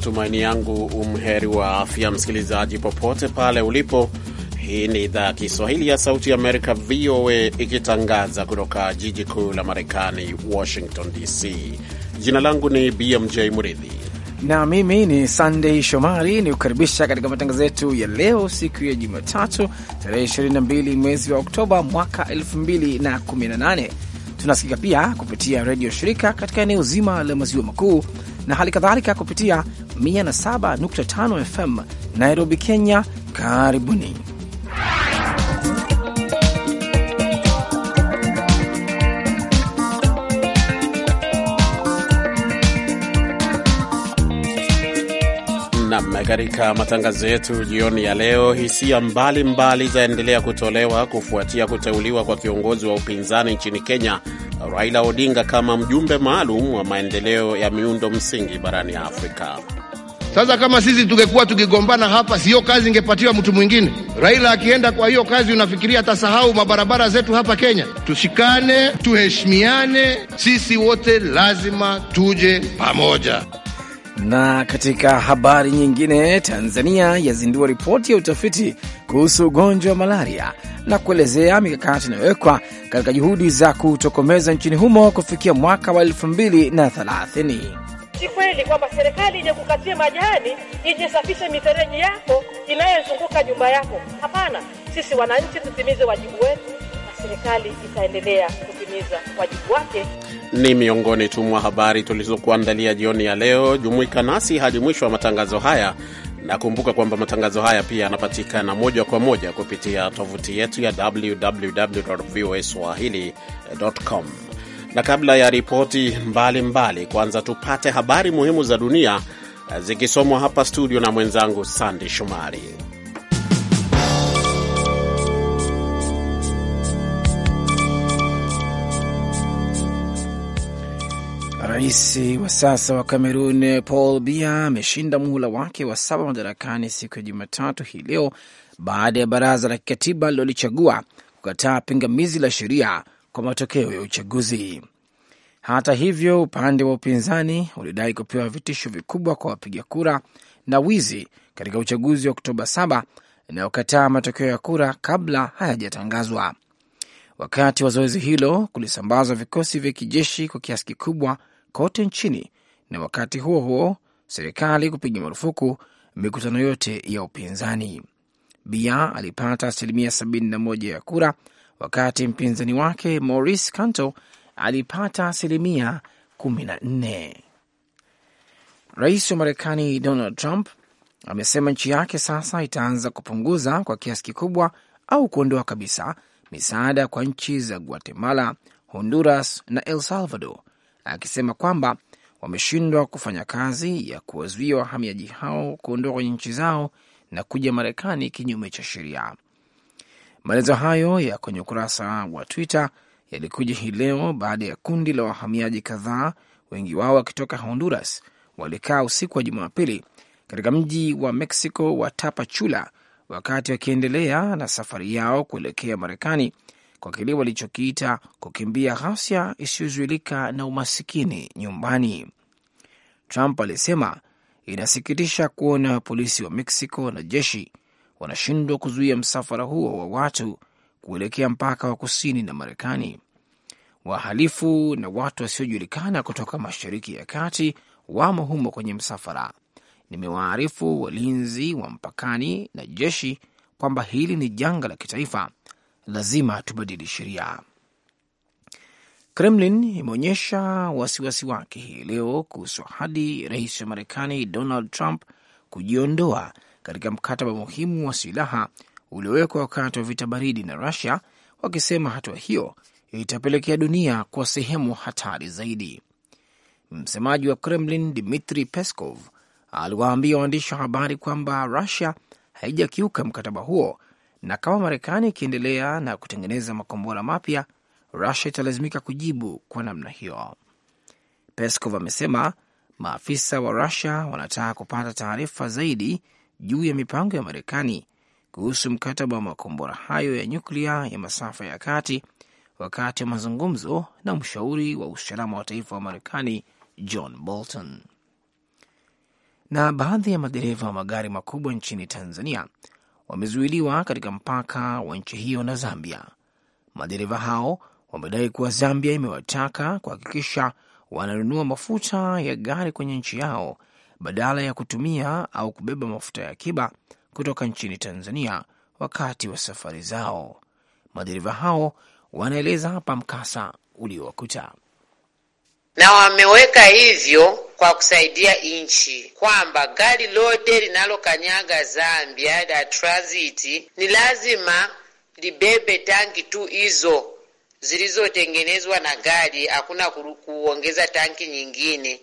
matumaini yangu umheri wa afya, msikilizaji, popote pale ulipo. Hii ni idhaa ya Kiswahili ya Sauti ya Amerika, VOA, ikitangaza kutoka jiji kuu la Marekani, Washington DC. Jina langu ni BMJ mridhi na mimi ni sandey Shomari, ni kukaribisha katika matangazo yetu ya leo, siku ya Jumatatu, tarehe 22 mwezi wa Oktoba mwaka 2018. Tunasikika pia kupitia redio shirika katika eneo zima la maziwa makuu na hali kadhalika kupitia 107.5 FM Nairobi, Kenya. Karibuni nam katika matangazo yetu jioni ya leo, hisia mbalimbali zaendelea kutolewa kufuatia kuteuliwa kwa kiongozi wa upinzani nchini Kenya Raila Odinga kama mjumbe maalum wa maendeleo ya miundo msingi barani Afrika. Sasa kama sisi tungekuwa tukigombana hapa, siyo kazi ingepatiwa mtu mwingine? Raila akienda kwa hiyo kazi, unafikiria atasahau mabarabara zetu hapa Kenya? Tushikane, tuheshimiane, sisi wote lazima tuje pamoja. Na katika habari nyingine, Tanzania yazindua ripoti ya utafiti kuhusu ugonjwa wa malaria na kuelezea mikakati inayowekwa katika juhudi za kutokomeza nchini humo kufikia mwaka wa elfu mbili na thelathini. Si kweli kwamba serikali ije kukatia majani, ije safishe mifereji yako inayozunguka nyumba yako? Hapana, sisi wananchi tutimize wajibu wetu na serikali itaendelea kutimiza wajibu wake. Ni miongoni tu mwa habari tulizokuandalia jioni ya leo. Jumuika nasi hadi mwisho wa matangazo haya. Nakumbuka kwamba matangazo haya pia yanapatikana moja kwa moja kupitia tovuti yetu ya www voa swahili.com. Na kabla ya ripoti mbalimbali, kwanza tupate habari muhimu za dunia eh, zikisomwa hapa studio na mwenzangu Sandi Shomari. Rais wa sasa wa Kamerun Paul Biya ameshinda muhula wake wa saba madarakani siku ya Jumatatu hii leo baada ya baraza la kikatiba lilolichagua kukataa pingamizi la sheria kwa matokeo ya uchaguzi. Hata hivyo, upande wa upinzani ulidai kupewa vitisho vikubwa kwa wapiga kura na wizi katika uchaguzi wa Oktoba 7 inayokataa matokeo ya kura kabla hayajatangazwa. Wakati wa zoezi hilo, kulisambazwa vikosi vya kijeshi kwa kiasi kikubwa kote nchini, na wakati huo huo serikali kupiga marufuku mikutano yote ya upinzani. Bia alipata asilimia 71 ya kura wakati mpinzani wake Maurice Kanto alipata asilimia 14. Rais wa Marekani Donald Trump amesema nchi yake sasa itaanza kupunguza kwa kiasi kikubwa au kuondoa kabisa misaada kwa nchi za Guatemala, Honduras na el Salvador, akisema kwamba wameshindwa kufanya kazi ya kuwazuia wahamiaji hao kuondoka kwenye nchi zao na kuja Marekani kinyume cha sheria. Maelezo hayo ya kwenye ukurasa wa Twitter yalikuja hii leo baada ya kundi la wahamiaji kadhaa, wengi wao wakitoka Honduras, walikaa usiku wa Jumapili katika mji wa Mexico wa Tapachula wakati wakiendelea na safari yao kuelekea Marekani kwa kile walichokiita kukimbia ghasia isiyozuilika na umasikini nyumbani. Trump alisema inasikitisha kuona polisi wa Mexico na jeshi wanashindwa kuzuia msafara huo wa watu kuelekea mpaka wa kusini na Marekani. Wahalifu na watu wasiojulikana kutoka Mashariki ya Kati wamo humo kwenye msafara. Nimewaarifu walinzi wa mpakani na jeshi kwamba hili ni janga la kitaifa, lazima tubadili sheria. Kremlin imeonyesha wasiwasi wake hii leo kuhusu ahadi rais wa Marekani Donald Trump kujiondoa katika mkataba muhimu wa silaha uliowekwa wakati wa vita baridi na Rusia, wakisema hatua hiyo itapelekea dunia kwa sehemu hatari zaidi. Msemaji wa Kremlin Dmitri Peskov aliwaambia waandishi wa habari kwamba Rusia haijakiuka mkataba huo na kama Marekani ikiendelea na kutengeneza makombora mapya, Rusia italazimika kujibu kwa namna hiyo. Peskov amesema maafisa wa Rusia wanataka kupata taarifa zaidi juu ya mipango ya Marekani kuhusu mkataba wa makombora hayo ya nyuklia ya masafa ya kati wakati wa mazungumzo na mshauri wa usalama wa taifa wa Marekani John Bolton. Na baadhi ya madereva wa magari makubwa nchini Tanzania wamezuiliwa katika mpaka wa nchi hiyo na Zambia. Madereva hao wamedai kuwa Zambia imewataka kuhakikisha wananunua mafuta ya gari kwenye nchi yao badala ya kutumia au kubeba mafuta ya akiba kutoka nchini Tanzania wakati wa safari zao. Madereva hao wanaeleza hapa mkasa uliowakuta na wameweka hivyo kwa kusaidia nchi kwamba gari lote linalokanyaga Zambia la transiti ni lazima libebe tanki tu hizo zilizotengenezwa na gari, hakuna kuongeza tanki nyingine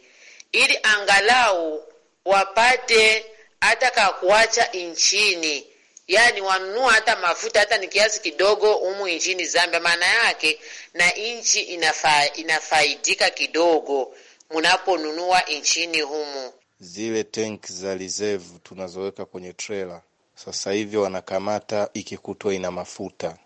ili angalau wapate hata kakuacha nchini, yani wanunua hata mafuta hata ni kiasi kidogo humu nchini Zambia. Maana yake na nchi inafa, inafaidika kidogo munaponunua nchini humu. Zile tank za reserve tunazoweka kwenye trailer, sasa hivi wanakamata ikikutwa ina mafuta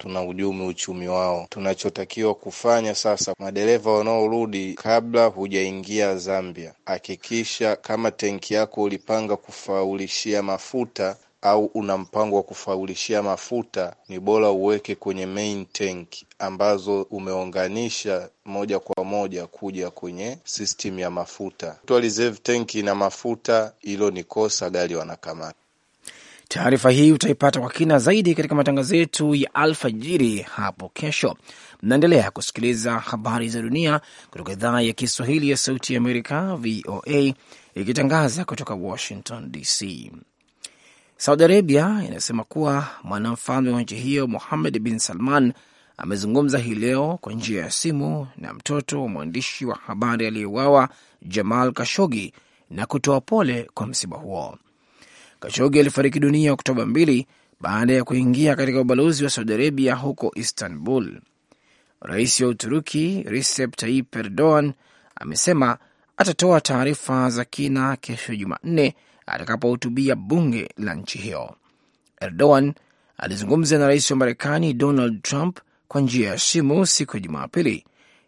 tuna uchumi wao. Tunachotakiwa kufanya sasa, madereva wanaorudi, kabla hujaingia Zambia, hakikisha kama tenki yako ulipanga kufaulishia mafuta au una mpango wa kufaulishia mafuta, ni bora uweke kwenye main tank ambazo umeunganisha moja kwa moja kuja kwenye system ya mafuta. Kutoa reserve na mafuta, hilo ni kosa, gari wanakamata. Taarifa hii utaipata kwa kina zaidi katika matangazo yetu ya alfajiri hapo kesho. Mnaendelea kusikiliza habari za dunia kutoka idhaa ya Kiswahili ya Sauti ya Amerika, VOA, ikitangaza kutoka Washington DC. Saudi Arabia inasema kuwa mwanamfalme wa nchi hiyo Muhammad bin Salman amezungumza hii leo kwa njia ya simu na mtoto wa mwandishi wa habari aliyeuawa Jamal Kashogi na kutoa pole kwa msiba huo. Kashogi alifariki dunia Oktoba 2 baada ya kuingia katika ubalozi wa Saudi Arabia huko Istanbul. Rais wa Uturuki Recep Tayyip Erdogan amesema atatoa taarifa za kina kesho Jumanne atakapohutubia bunge la nchi hiyo. Erdogan alizungumza na rais wa Marekani Donald Trump kwa njia ya simu siku ya Jumapili,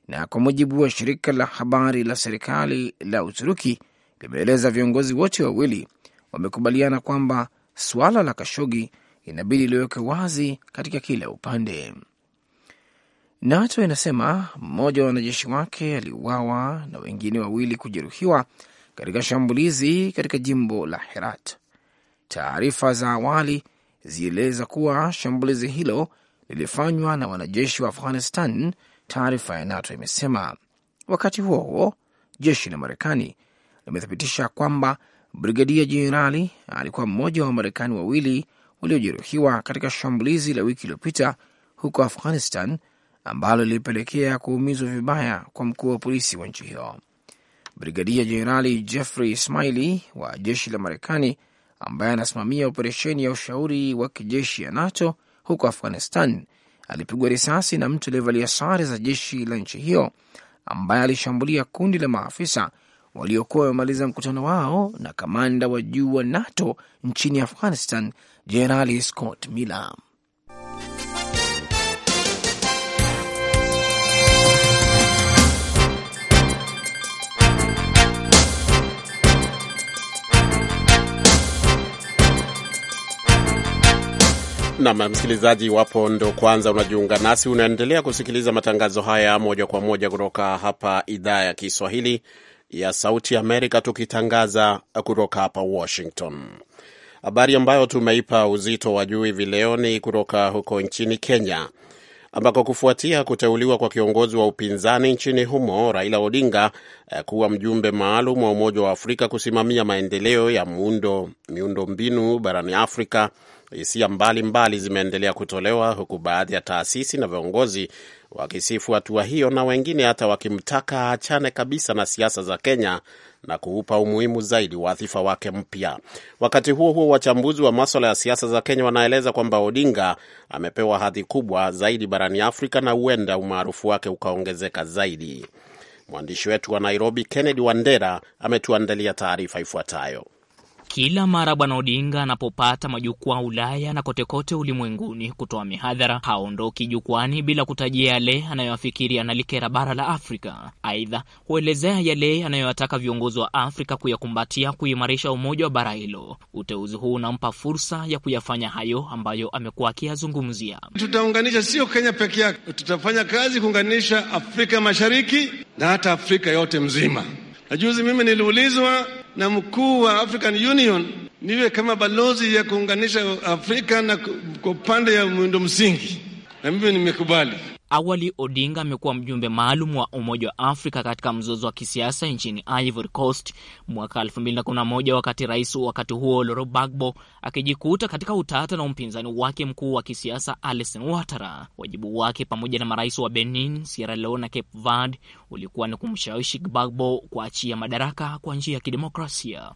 na kwa mujibu wa shirika la habari la serikali la Uturuki limeeleza viongozi wote wawili wamekubaliana kwamba suala la Kashogi inabidi liweke wazi katika kila upande. NATO inasema mmoja wa wanajeshi wake aliuawa na wengine wawili kujeruhiwa katika shambulizi katika jimbo la Herat. Taarifa za awali zilieleza kuwa shambulizi hilo lilifanywa na wanajeshi wa Afghanistan, taarifa ya NATO imesema. Wakati huo huo, jeshi la Marekani limethibitisha kwamba Brigadia Jenerali alikuwa mmoja wa Wamarekani wawili waliojeruhiwa katika shambulizi la wiki iliyopita huko Afghanistan ambalo lilipelekea kuumizwa vibaya kwa mkuu wa polisi wa nchi hiyo. Brigadia Jenerali Jeffrey Smiley wa jeshi la Marekani, ambaye anasimamia operesheni ya ushauri wa kijeshi ya NATO huko Afghanistan, alipigwa risasi na mtu aliyevalia sare za jeshi la nchi hiyo ambaye alishambulia kundi la maafisa waliokuwa wamemaliza mkutano wao na kamanda wa juu wa NATO nchini Afghanistan, Jenerali Scott Miller. Nam msikilizaji, iwapo ndo kwanza unajiunga nasi, unaendelea kusikiliza matangazo haya moja kwa moja kutoka hapa idhaa ya Kiswahili ya Sauti Amerika, tukitangaza kutoka hapa Washington. Habari ambayo tumeipa uzito wa juu hivi leo ni kutoka huko nchini Kenya, ambako kufuatia kuteuliwa kwa kiongozi wa upinzani nchini humo Raila Odinga eh, kuwa mjumbe maalum wa Umoja wa Afrika kusimamia maendeleo ya muundo miundo mbinu barani Afrika, hisia mbalimbali zimeendelea kutolewa huku baadhi ya taasisi na viongozi wakisifu hatua hiyo na wengine hata wakimtaka achane kabisa na siasa za Kenya na kuupa umuhimu zaidi wadhifa wake mpya. Wakati huo huo, wachambuzi wa maswala ya siasa za Kenya wanaeleza kwamba Odinga amepewa hadhi kubwa zaidi barani Afrika na huenda umaarufu wake ukaongezeka zaidi. Mwandishi wetu wa Nairobi, Kennedy Wandera, ametuandalia taarifa ifuatayo. Kila mara Bwana Odinga anapopata majukwaa Ulaya na kotekote ulimwenguni kutoa mihadhara, haondoki jukwani bila kutajia yale anayoafikiri analikera bara la Afrika. Aidha, huelezea yale anayoyataka viongozi wa Afrika kuyakumbatia kuimarisha umoja wa bara hilo. Uteuzi huu unampa fursa ya kuyafanya hayo ambayo amekuwa akiyazungumzia. Tutaunganisha sio Kenya peke yake, tutafanya kazi kuunganisha Afrika Mashariki na hata Afrika yote mzima. Na juzi mimi niliulizwa na mkuu wa African Union niwe kama balozi ya kuunganisha Afrika na kwa upande ya miundo msingi, na mimi nimekubali. Awali Odinga amekuwa mjumbe maalum wa Umoja wa Afrika katika mzozo wa kisiasa nchini Ivory Coast mwaka 2011 wakati rais wakati huo loro bagbo akijikuta katika utata na mpinzani wake mkuu wa kisiasa alison watara Wajibu wake pamoja na marais wa Benin, Sierra Leone na Cape Verde ulikuwa ni kumshawishi bagbo kuachia madaraka kwa njia ya kidemokrasia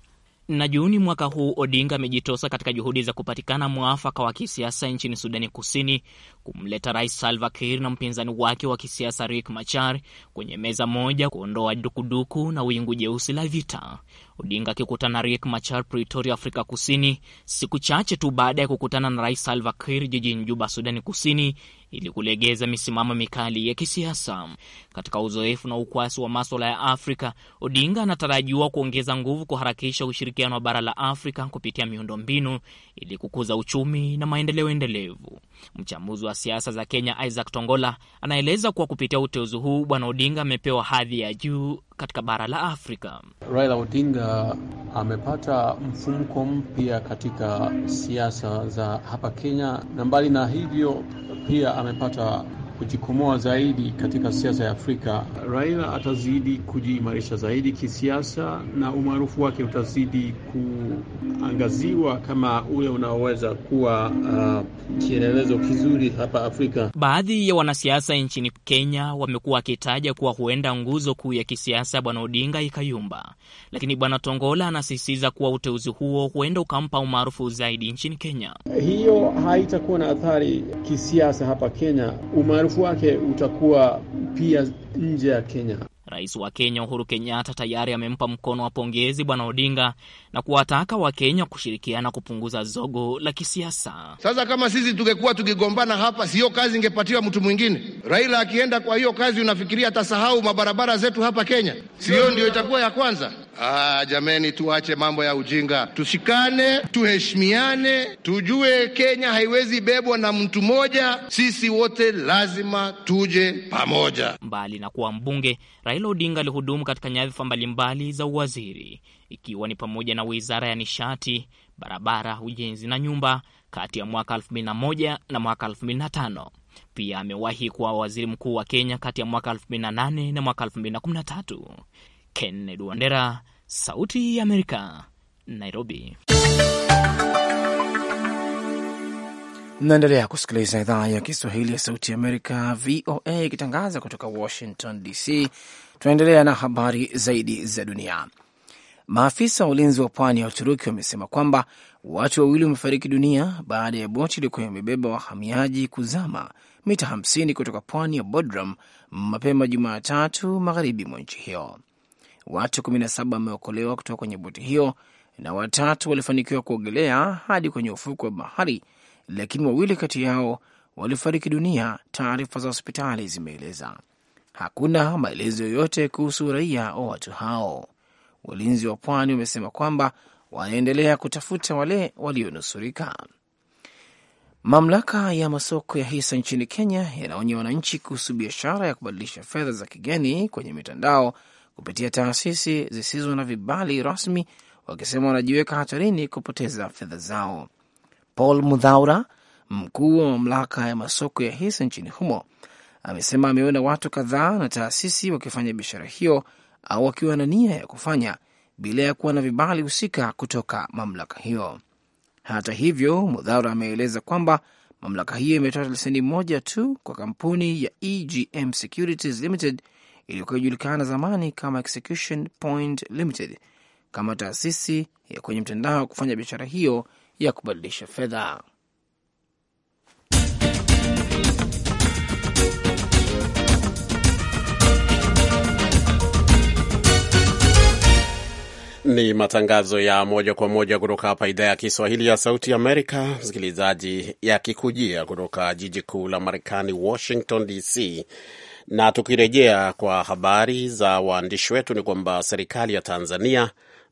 na Juni mwaka huu Odinga amejitosa katika juhudi za kupatikana mwafaka wa kisiasa nchini Sudani Kusini, kumleta Rais Salva Kiir na mpinzani wake wa kisiasa Riek Machar kwenye meza moja, kuondoa dukuduku na wingu jeusi la vita. Odinga akikutana na Riek Machar Pretoria, Afrika Kusini, siku chache tu baada ya kukutana na Rais Salva Kiir jijini Juba, Sudani Kusini, ili kulegeza misimamo mikali ya kisiasa. Katika uzoefu na ukwasi wa maswala ya Afrika, Odinga anatarajiwa kuongeza nguvu kuharakisha ushirikiano wa bara la Afrika kupitia miundombinu ili kukuza uchumi na maendeleo endelevu. Mchambuzi wa siasa za Kenya Isaac Tongola anaeleza kuwa kupitia uteuzi huu Bwana Odinga amepewa hadhi ya juu katika bara la Afrika. Raila Odinga amepata mfumko mpya katika siasa za hapa Kenya, na mbali na hivyo pia amepata kujikomoa zaidi katika siasa ya Afrika. Raila atazidi kujiimarisha zaidi kisiasa na umaarufu wake utazidi kuangaziwa kama ule unaoweza kuwa uh, kielelezo kizuri hapa Afrika. Baadhi ya wanasiasa nchini Kenya wamekuwa wakitaja kuwa huenda nguzo kuu ya kisiasa Bwana Odinga ikayumba, lakini Bwana Tongola anasisitiza kuwa uteuzi huo huenda ukampa umaarufu zaidi nchini Kenya. Hiyo haitakuwa na athari kisiasa hapa Kenya. Umaru umaarufu wake utakuwa pia nje ya Kenya. Rais wa Kenya Uhuru Kenyatta tayari amempa mkono wa pongezi Bwana Odinga na kuwataka Wakenya kushirikiana kupunguza zogo la kisiasa. Sasa kama sisi tungekuwa tukigombana hapa, siyo kazi ingepatiwa mtu mwingine. Raila akienda kwa hiyo kazi, unafikiria atasahau mabarabara zetu hapa Kenya? Siyo ndio itakuwa ya kwanza? Ah, jameni, tuache mambo ya ujinga, tushikane, tuheshimiane, tujue Kenya haiwezi bebwa na mtu mmoja. Sisi wote lazima tuje pamoja. Mbali na kuwa mbunge, Raila Odinga alihudumu katika nyadhifa mbalimbali za uwaziri, ikiwa ni pamoja na wizara ya nishati, barabara, ujenzi na nyumba kati ya mwaka 2001 na mwaka 2005. Pia amewahi kuwa waziri mkuu wa Kenya kati ya mwaka 2008 na mwaka 2013. Kennedy Wandera, Sauti ya Amerika, Nairobi. Mnaendelea kusikiliza idhaa ya Kiswahili ya Sauti ya Amerika, VOA, ikitangaza kutoka Washington DC. Tunaendelea na habari zaidi za dunia. Maafisa wa ulinzi wa pwani ya Uturuki wamesema kwamba watu wawili wamefariki dunia baada ya boti iliyokuwa imebeba wahamiaji kuzama mita 50 kutoka pwani ya Bodrum mapema Jumatatu, magharibi mwa nchi hiyo. Watu 17 wameokolewa kutoka kwenye boti hiyo na watatu walifanikiwa kuogelea hadi kwenye ufuko wa bahari, lakini wawili kati yao walifariki dunia, taarifa za hospitali zimeeleza. Hakuna maelezo yoyote kuhusu raia wa watu hao. Walinzi wa pwani wamesema kwamba wanaendelea kutafuta wale walionusurika. Mamlaka ya masoko ya hisa nchini Kenya yanaonya wananchi kuhusu biashara ya kubadilisha fedha za kigeni kwenye mitandao kupitia taasisi zisizo na vibali rasmi, wakisema wanajiweka hatarini kupoteza fedha zao. Paul Mudhaura, mkuu wa mamlaka ya masoko ya hisa nchini humo, amesema ameona watu kadhaa na taasisi wakifanya biashara hiyo au wakiwa na nia ya kufanya bila ya kuwa na vibali husika kutoka mamlaka hiyo. Hata hivyo, Mudhaura ameeleza kwamba mamlaka hiyo imetoa leseni moja tu kwa kampuni ya EGM Securities Limited iliyokuwa ijulikana zamani kama Execution Point Limited kama taasisi ya kwenye mtandao wa kufanya biashara hiyo ya kubadilisha fedha. Ni matangazo ya moja kwa moja kutoka hapa idhaa ya Kiswahili ya Sauti Amerika, msikilizaji, yakikujia kutoka jiji kuu la Marekani, Washington DC. Na tukirejea kwa habari za waandishi wetu ni kwamba serikali ya Tanzania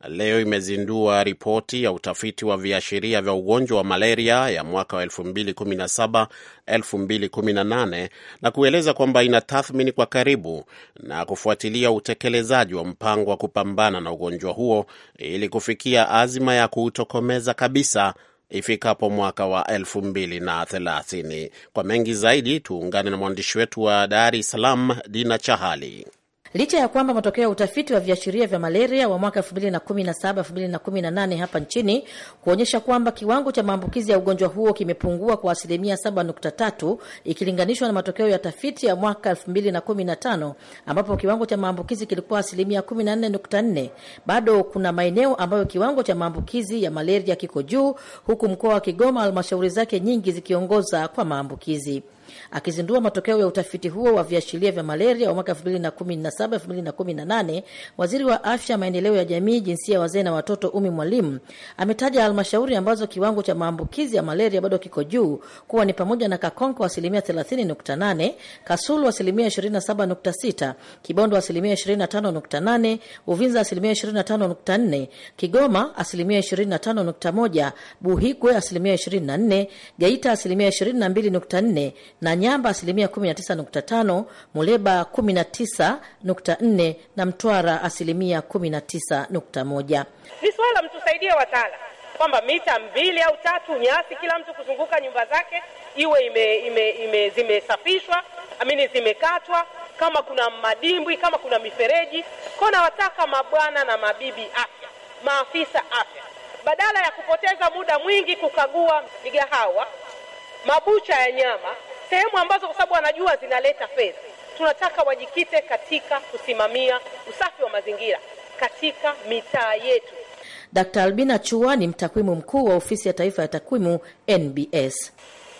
leo imezindua ripoti ya utafiti wa viashiria vya ugonjwa wa malaria ya mwaka wa 2017 2018 na kueleza kwamba ina tathmini kwa karibu na kufuatilia utekelezaji wa mpango wa kupambana na ugonjwa huo ili kufikia azima ya kuutokomeza kabisa ifikapo mwaka wa elfu mbili na thelathini. Kwa mengi zaidi tuungane na mwandishi wetu wa Dar es Salaam, Dina Chahali. Licha ya kwamba matokeo ya utafiti wa viashiria vya malaria wa mwaka 2017 2018 hapa nchini kuonyesha kwamba kiwango cha maambukizi ya ugonjwa huo kimepungua kwa asilimia 7.3 ikilinganishwa na matokeo ya tafiti ya mwaka 2015 ambapo kiwango cha maambukizi kilikuwa asilimia 14.4, bado kuna maeneo ambayo kiwango cha maambukizi ya malaria kiko juu, huku mkoa wa Kigoma halmashauri zake nyingi zikiongoza kwa maambukizi. Akizindua matokeo ya utafiti huo wa viashiria vya malaria wa mwaka 2017 2018, waziri wa afya, maendeleo ya jamii, jinsia wazee na watoto Umi Mwalimu ametaja halmashauri ambazo kiwango cha maambukizi ya malaria bado kiko juu kuwa ni pamoja na Kakonko asilimia 30.8, Kasulu asilimia 27.6, Kibondo asilimia 25.8, Uvinza asilimia 25.4, Kigoma asilimia 25.1, Buhigwe asilimia 24, Geita asilimia 22.4 na Nyamba asilimia 19.5, Muleba 19.4 na Mtwara asilimia 19.1. Ni swala mtusaidie watala kwamba mita mbili au tatu nyasi kila mtu kuzunguka nyumba zake iwe ime, ime, ime zimesafishwa amini zimekatwa, kama kuna madimbwi, kama kuna mifereji ko. Nawataka mabwana na mabibi afya, maafisa afya, badala ya kupoteza muda mwingi kukagua migahawa, mabucha ya nyama, sehemu ambazo kwa sababu wanajua zinaleta fedha. Tunataka wajikite katika kusimamia usafi wa mazingira katika mitaa yetu. Dkt. Albina Chua ni mtakwimu mkuu wa Ofisi ya Taifa ya Takwimu NBS.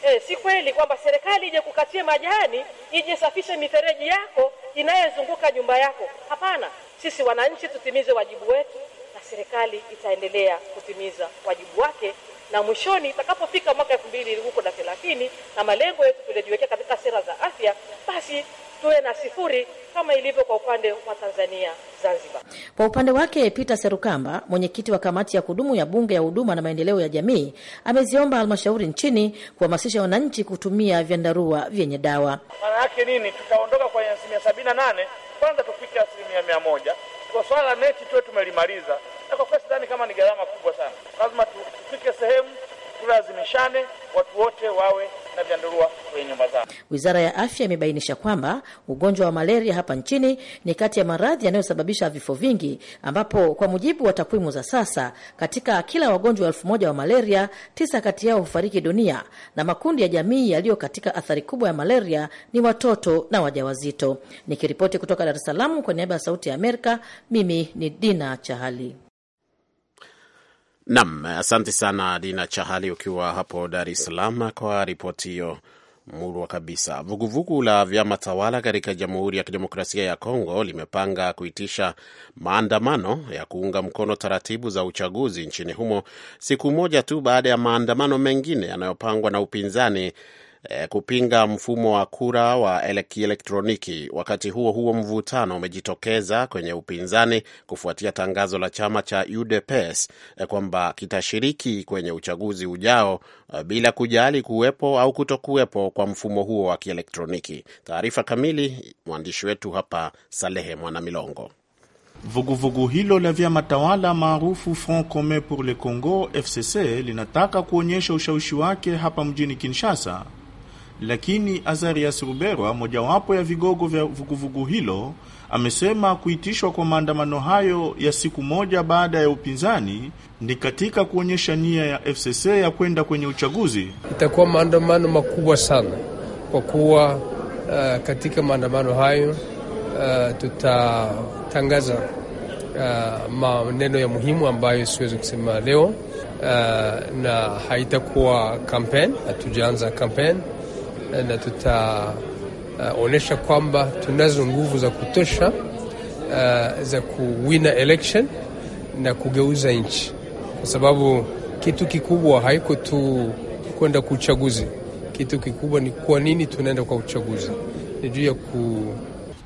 E, si kweli kwamba serikali ije kukatia majani ije safishe mifereji yako inayozunguka nyumba yako. Hapana, sisi wananchi tutimize wajibu wetu na serikali itaendelea kutimiza wajibu wake na mwishoni itakapofika mwaka elfu mbili huko na thelathini na malengo yetu tuliojiwekea katika sera za afya, basi tuwe na sifuri kama ilivyo kwa upande wa Tanzania Zanzibar. Kwa upande wake, Peter Serukamba, mwenyekiti wa kamati ya kudumu ya Bunge ya huduma na maendeleo ya jamii, ameziomba halmashauri nchini kuhamasisha wananchi kutumia vyandarua vyenye dawa. Maana yake nini? Tutaondoka kwenye asilimia sabini na nane kwanza tufike asilimia mia moja. Kwa swala la neti tuwe tumelimaliza na kwa kweli sidhani kama ni gharama kubwa sana. Lazima tufike sehemu tulazimishane, watu wote wawe na vyandarua kwenye nyumba zao. Wizara ya Afya imebainisha kwamba ugonjwa wa malaria hapa nchini ni kati ya maradhi yanayosababisha vifo vingi, ambapo kwa mujibu wa takwimu za sasa, katika kila wagonjwa elfu moja wa malaria, tisa kati yao hufariki dunia, na makundi ya jamii yaliyo katika athari kubwa ya malaria ni watoto na wajawazito. Nikiripoti kutoka Dar es Salaam kwa niaba ya Sauti ya Amerika, mimi ni Dina Chahali. Nam, asante sana Dina Chahali ukiwa hapo Dar es Salaam kwa ripoti hiyo murwa kabisa. Vuguvugu la vyama tawala katika Jamhuri ya Kidemokrasia ya Kongo limepanga kuitisha maandamano ya kuunga mkono taratibu za uchaguzi nchini humo siku moja tu baada ya maandamano mengine yanayopangwa na upinzani eh, kupinga mfumo wa kura wa kielektroniki. Wakati huo huo, mvutano umejitokeza kwenye upinzani kufuatia tangazo la chama cha UDPS eh, kwamba kitashiriki kwenye uchaguzi ujao eh, bila kujali kuwepo au kutokuwepo kwa mfumo huo wa kielektroniki. Taarifa kamili mwandishi wetu hapa Salehe Mwanamilongo. Vuguvugu vugu hilo la vyama tawala maarufu Front Commun pour le Congo FCC linataka kuonyesha ushawishi wake hapa mjini Kinshasa lakini Azarias Ruberwa, mojawapo ya vigogo vya vuguvugu hilo, amesema kuitishwa kwa maandamano hayo ya siku moja baada ya upinzani ni katika kuonyesha nia ya FCC ya kwenda kwenye uchaguzi. Itakuwa maandamano makubwa sana kwa kuwa uh, katika maandamano hayo uh, tutatangaza uh, maneno ya muhimu ambayo siwezi kusema leo uh, na haitakuwa kampen, hatujaanza kampen na tutaonyesha uh, kwamba tunazo nguvu za kutosha uh, za kuwina election na kugeuza nchi, kwa sababu kitu kikubwa haiko tu kwenda kwa uchaguzi. Kitu kikubwa ni kwa nini tunaenda kwa uchaguzi, ni juu ya ku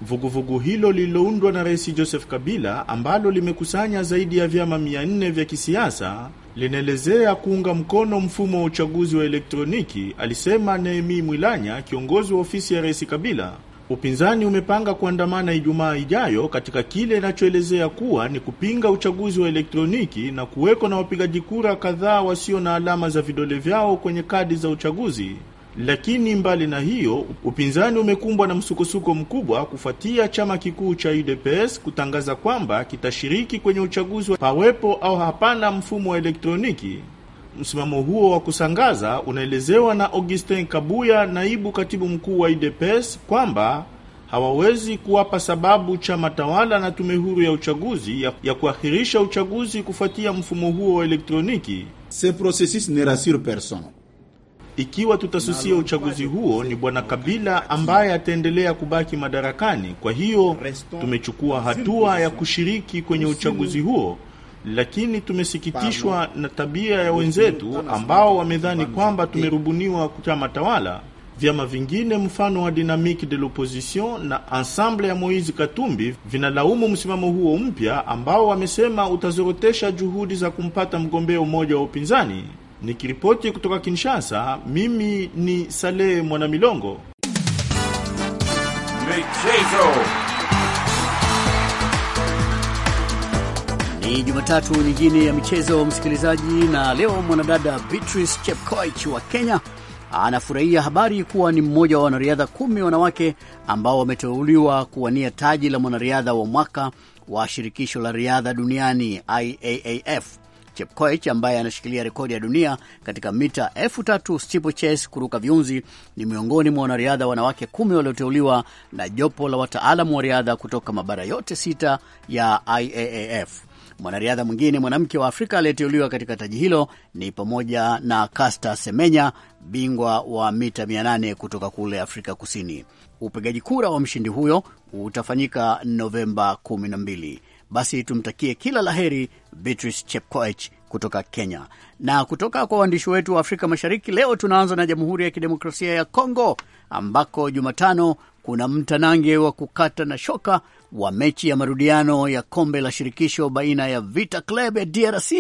Vuguvugu hilo lililoundwa na Rais Joseph Kabila ambalo limekusanya zaidi ya vyama 400 vya kisiasa linaelezea kuunga mkono mfumo wa uchaguzi wa elektroniki, alisema Nehemi Mwilanya, kiongozi wa ofisi ya Rais Kabila. Upinzani umepanga kuandamana Ijumaa ijayo katika kile inachoelezea kuwa ni kupinga uchaguzi wa elektroniki na kuweko na wapigaji kura kadhaa wasio na alama za vidole vyao kwenye kadi za uchaguzi. Lakini mbali na hiyo, upinzani umekumbwa na msukosuko mkubwa kufuatia chama kikuu cha UDPS kutangaza kwamba kitashiriki kwenye uchaguzi pawepo au hapana mfumo wa elektroniki. Msimamo huo wa kusangaza unaelezewa na Augustin Kabuya, naibu katibu mkuu wa UDPS, kwamba hawawezi kuwapa sababu chama tawala na tume huru ya uchaguzi ya, ya kuahirisha uchaguzi kufuatia mfumo huo wa elektroniki. Ce processus ne rassure personne ikiwa tutasusia uchaguzi huo, ni bwana Kabila ambaye ataendelea kubaki madarakani. Kwa hiyo tumechukua hatua ya kushiriki kwenye uchaguzi huo, lakini tumesikitishwa na tabia ya wenzetu ambao wamedhani kwamba tumerubuniwa chama tawala. Vyama vingine mfano wa Dynamique de l'Opposition na Ensemble ya Moise Katumbi vinalaumu msimamo huo mpya ambao wamesema utazorotesha juhudi za kumpata mgombea mmoja wa upinzani. Nikiripoti kutoka Kinshasa, mimi ni Saleh Mwanamilongo. Michezo. Ni Jumatatu nyingine ya michezo msikilizaji, na leo mwanadada Beatrice Chepkoech wa Kenya anafurahia habari kuwa ni mmoja wa wanariadha kumi wanawake ambao wameteuliwa kuwania taji la mwanariadha wa mwaka wa shirikisho la riadha duniani IAAF. Chepkoech ambaye anashikilia rekodi ya dunia katika mita elfu tatu steeplechase kuruka viunzi ni miongoni mwa wanariadha wanawake kumi walioteuliwa na jopo la wataalamu wa riadha kutoka mabara yote sita ya IAAF. Mwanariadha mwingine mwanamke wa Afrika aliyeteuliwa katika taji hilo ni pamoja na Caster Semenya, bingwa wa mita 800 kutoka kule Afrika Kusini. Upigaji kura wa mshindi huyo utafanyika Novemba 12. Basi tumtakie kila laheri Beatrice Chepkoech kutoka Kenya. Na kutoka kwa waandishi wetu wa Afrika Mashariki, leo tunaanza na Jamhuri ya Kidemokrasia ya Kongo ambako Jumatano kuna mtanange wa kukata na shoka wa mechi ya marudiano ya kombe la shirikisho baina ya Vita Club ya DRC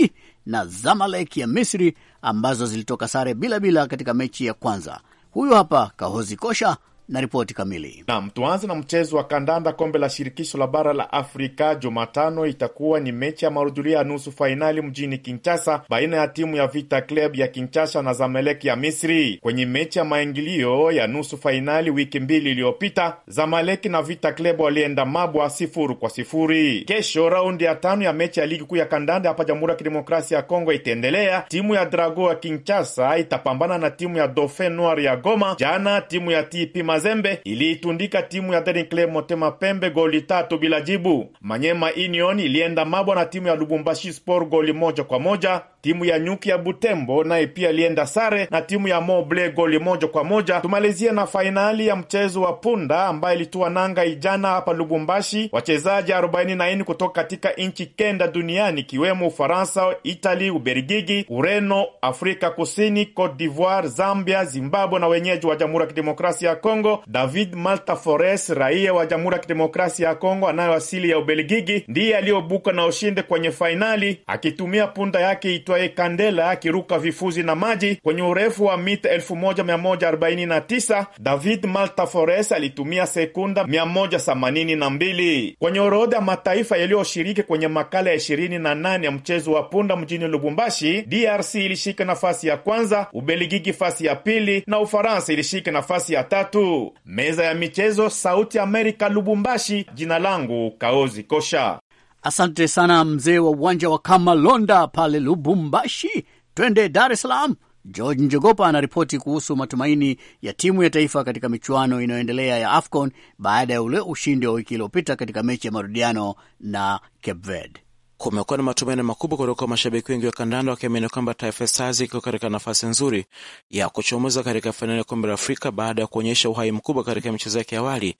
na Zamalek ya Misri ambazo zilitoka sare bila bila katika mechi ya kwanza. Huyu hapa Kahozi Kosha na ripoti kamili. Naam, tuanze na mchezo wa kandanda kombe la shirikisho la bara la Afrika. Jumatano itakuwa ni mechi ya marujulia ya nusu fainali mjini Kinshasa, baina ya timu ya Vita Club ya Kinshasa na Zamalek ya Misri. Kwenye mechi ya maingilio ya nusu fainali wiki mbili iliyopita, Zamalek na Vita Club walienda mabwa sifuru kwa sifuri. Kesho raundi ya tano ya mechi ya ligi kuu ya kandanda hapa Jamhuri ya Kidemokrasia ya Kongo itaendelea. Timu ya Drago ya Kinshasa itapambana na timu ya Dauphin Noir ya Goma. Jana timu ya TP Mazembe iliitundika timu ya Daring Club Motema Pembe goli tatu bila jibu. Manyema Union ilienda mabwa na timu ya Lubumbashi Sport goli moja kwa moja. Timu ya Nyuki ya Butembo naye pia ilienda sare na timu ya Moble goli moja kwa moja. Tumalizia na fainali ya mchezo wa punda ambayo ilitua nanga ijana hapa Lubumbashi. Wachezaji 44 kutoka katika nchi kenda duniani ikiwemo Ufaransa, Itali, Uberigigi, Ureno, Afrika Kusini, Cote d'Ivoire, Zambia, Zimbabwe na wenyeji wa Jamhuri ya Kidemokrasia ya Kongo Kongo, David Malta Fores, raia wa Jamhuri ya Kidemokrasia ya Kongo anayoasili ya Ubelgiji, ndiye aliyobuka na ushindi kwenye fainali akitumia punda yake itwaye Kandela akiruka vifuzi na maji kwenye urefu wa mita 1149. David Malta Fores alitumia sekunda 182. Kwenye orodha ya mataifa yaliyoshiriki kwenye makala ya 28 ya mchezo wa punda mjini Lubumbashi, DRC ilishika nafasi ya kwanza, Ubelgiji fasi ya pili na Ufaransa ilishika nafasi ya tatu. Meza ya michezo, Sauti Amerika, Lubumbashi. Jina langu Kaozi Kosha. Asante sana mzee wa uwanja wa Kamalonda pale Lubumbashi. Twende Dar es Salaam. George Njogopa anaripoti kuhusu matumaini ya timu ya taifa katika michuano inayoendelea ya AFCON baada ya ule ushindi wa wiki iliyopita katika mechi ya marudiano na Cape Verde. Kumekuwa na matumaini makubwa kutoka mashabiki wengi wa kandanda wakiamini kwamba Taifa Stars iko katika nafasi nzuri ya kuchomoza katika fainali ya kombe la Afrika baada ya kuonyesha uhai mkubwa katika michezo yake awali,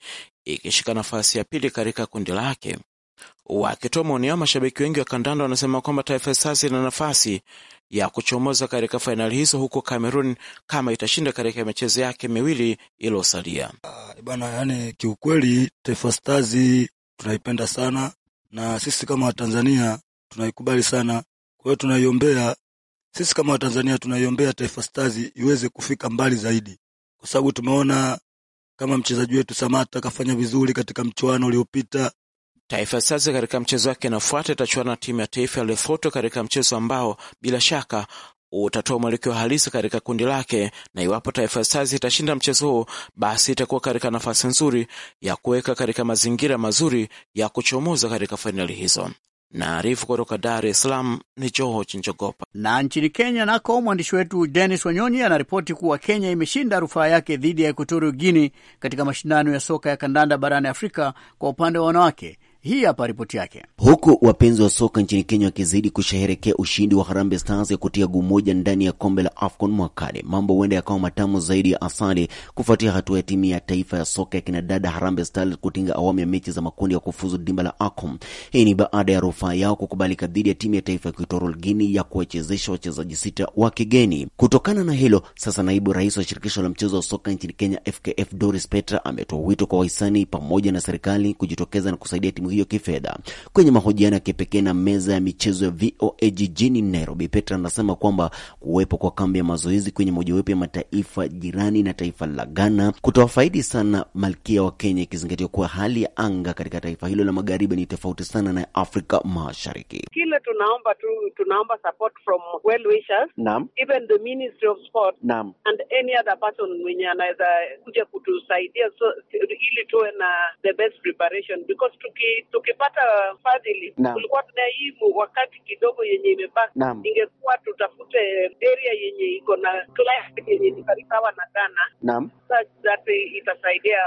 ikishika nafasi ya pili katika kundi lake. Wakitoa maoni yao, mashabiki wengi wa kandanda wanasema kwamba Taifa Stars ina nafasi ya kuchomoza katika fainali hizo, huko Cameroon kama itashinda katika michezo yake miwili iliyosalia. Uh, ah, bana, yani kiukweli Taifa Stars tunaipenda sana na sisi kama Watanzania tunaikubali sana. Kwa hiyo tunaiombea, sisi kama Watanzania tunaiombea Taifa Stars iweze kufika mbali zaidi, kwa sababu tumeona kama mchezaji wetu Samata kafanya vizuri katika mchuano uliopita. Taifa Stars katika mchezo wake inafuata itachuana na timu ya taifa ya Lesotho katika mchezo ambao bila shaka utatoa mwelekeo halisi katika kundi lake, na iwapo Taifa Stars itashinda mchezo huo, basi itakuwa katika nafasi nzuri ya kuweka katika mazingira mazuri ya kuchomoza katika fainali hizo. Naarifu kutoka Dar es Salaam ni George Njogopa. Na nchini Kenya nako mwandishi wetu Denis Wanyonyi anaripoti kuwa Kenya imeshinda rufaa yake dhidi ya ekuatorio Guini katika mashindano ya soka ya kandanda barani Afrika kwa upande wa wanawake hii hapa ripoti yake. Huku wapenzi wa soka nchini Kenya wakizidi kusherehekea ushindi wa Harambee Stars ya kutia guu moja ndani ya kombe la AFCON mwakani, mambo huenda yakawa matamu zaidi ya asali kufuatia hatua ya timu ya taifa ya soka ya kinadada Harambee Stars kutinga awamu ya mechi za makundi ya kufuzu dimba la AFCON. Hii ni baada ya rufaa yao kukubalika dhidi ya timu ya taifa ya Equatorial Guinea ya kuwachezesha wachezaji sita wa kigeni. Kutokana na hilo, sasa naibu rais wa shirikisho la mchezo wa soka nchini Kenya FKF Doris Petra ametoa wito kwa wahisani pamoja na serikali kujitokeza na kusaidia timu hiyo kifedha. Kwenye mahojiano ya kipekee na meza ya michezo ya VOA jijini Nairobi, Petra anasema kwamba kuwepo kwa kambi ya mazoezi kwenye mojawapo ya mataifa jirani na taifa la Ghana kutowafaidi sana malkia wa Kenya, ikizingatia kuwa hali ya anga katika taifa hilo la magharibi ni tofauti sana na Afrika Mashariki. Kile tunaomba tu, tunaomba support from well wishers, naam, even the ministry of sport, naam, and any other person mwenye anaweza kuja kutusaidia so, ili tuwe na the best preparation because tuki tukipata fadhili, tulikuwa tunaimu wakati kidogo yenye imebaki, ingekuwa tutafute area yenye iko na yenye ni sawa na Ghana. Naam, itasaidia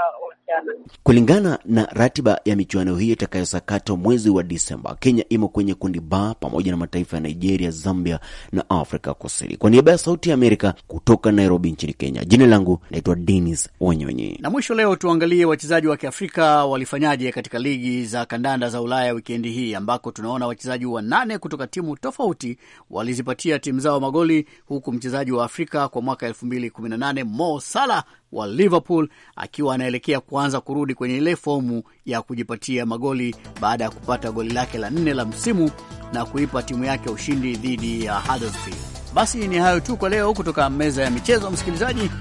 Kulingana na ratiba ya michuano hiyo itakayosakatwa mwezi wa Disemba, Kenya imo kwenye kundi ba pamoja na mataifa ya Nigeria, Zambia na Afrika Kusini. Kwa niaba ya Sauti ya Amerika kutoka Nairobi nchini Kenya, jina langu naitwa denis Wanyonyi. Na mwisho leo tuangalie wachezaji wa Kiafrika walifanyaje katika ligi za kandanda za Ulaya wikendi hii ambako tunaona wachezaji wanane kutoka timu tofauti walizipatia timu zao magoli, huku mchezaji wa Afrika kwa mwaka 2018 Mo Salah wa Liverpool akiwa anaelekea kuanza kurudi kwenye ile fomu ya kujipatia magoli baada ya kupata goli lake la nne la msimu na kuipa timu yake ushindi dhidi ya Huddersfield. Basi ni hayo tu kwa leo kutoka meza ya michezo, msikilizaji.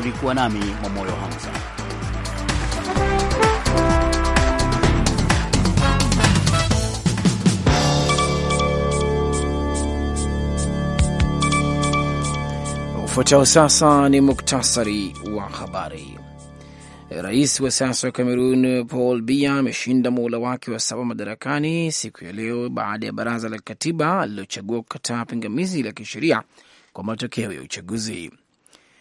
Ulikuwa nami Mwamoyo Hamza. Ufuatao sasa ni muktasari wa habari. Rais wa sasa wa Kamerun Paul Biya ameshinda muhula wake wa saba madarakani siku ya leo baada ya baraza la katiba alilochagua kukataa pingamizi la kisheria kwa matokeo ya uchaguzi.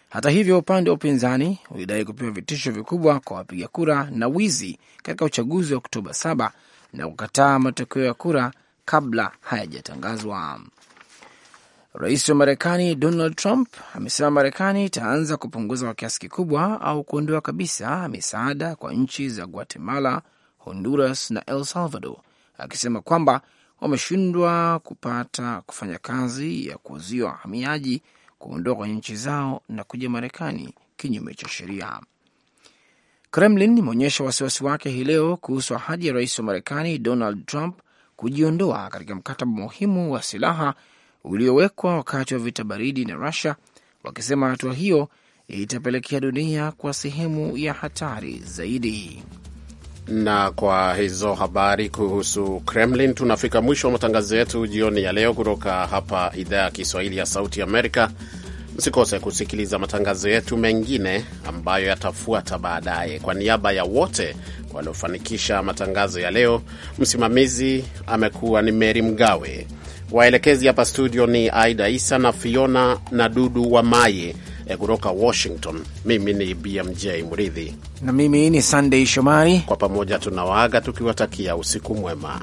Hata hivyo, upande wa upinzani ulidai kupewa vitisho vikubwa kwa wapiga kura na wizi katika uchaguzi wa Oktoba saba na kukataa matokeo ya kura kabla hayajatangazwa. Rais wa Marekani Donald Trump amesema Marekani itaanza kupunguza kwa kiasi kikubwa au kuondoa kabisa misaada kwa nchi za Guatemala, Honduras na el Salvador, akisema kwamba wameshindwa kupata kufanya kazi ya kuuzia wahamiaji kuondoka kwenye nchi zao na kuja Marekani kinyume cha sheria. Kremlin imeonyesha wasiwasi wake hii leo kuhusu ahadi ya rais wa Marekani Donald Trump kujiondoa katika mkataba muhimu wa silaha uliowekwa wakati wa vita baridi na Rusia, wakisema hatua hiyo itapelekea dunia kwa sehemu ya hatari zaidi. Na kwa hizo habari kuhusu Kremlin, tunafika mwisho wa matangazo yetu jioni ya leo kutoka hapa idhaa ya Kiswahili ya Sauti Amerika. Msikose kusikiliza matangazo yetu mengine ambayo yatafuata baadaye. Kwa niaba ya wote waliofanikisha matangazo ya leo, msimamizi amekuwa ni Meri Mgawe. Waelekezi hapa studio ni Aida Isa na Fiona na Dudu wa Maye eh, kutoka Washington. Mimi ni BMJ Mridhi na mimi ni sandey Shomari. Kwa pamoja tunawaaga tukiwatakia usiku mwema.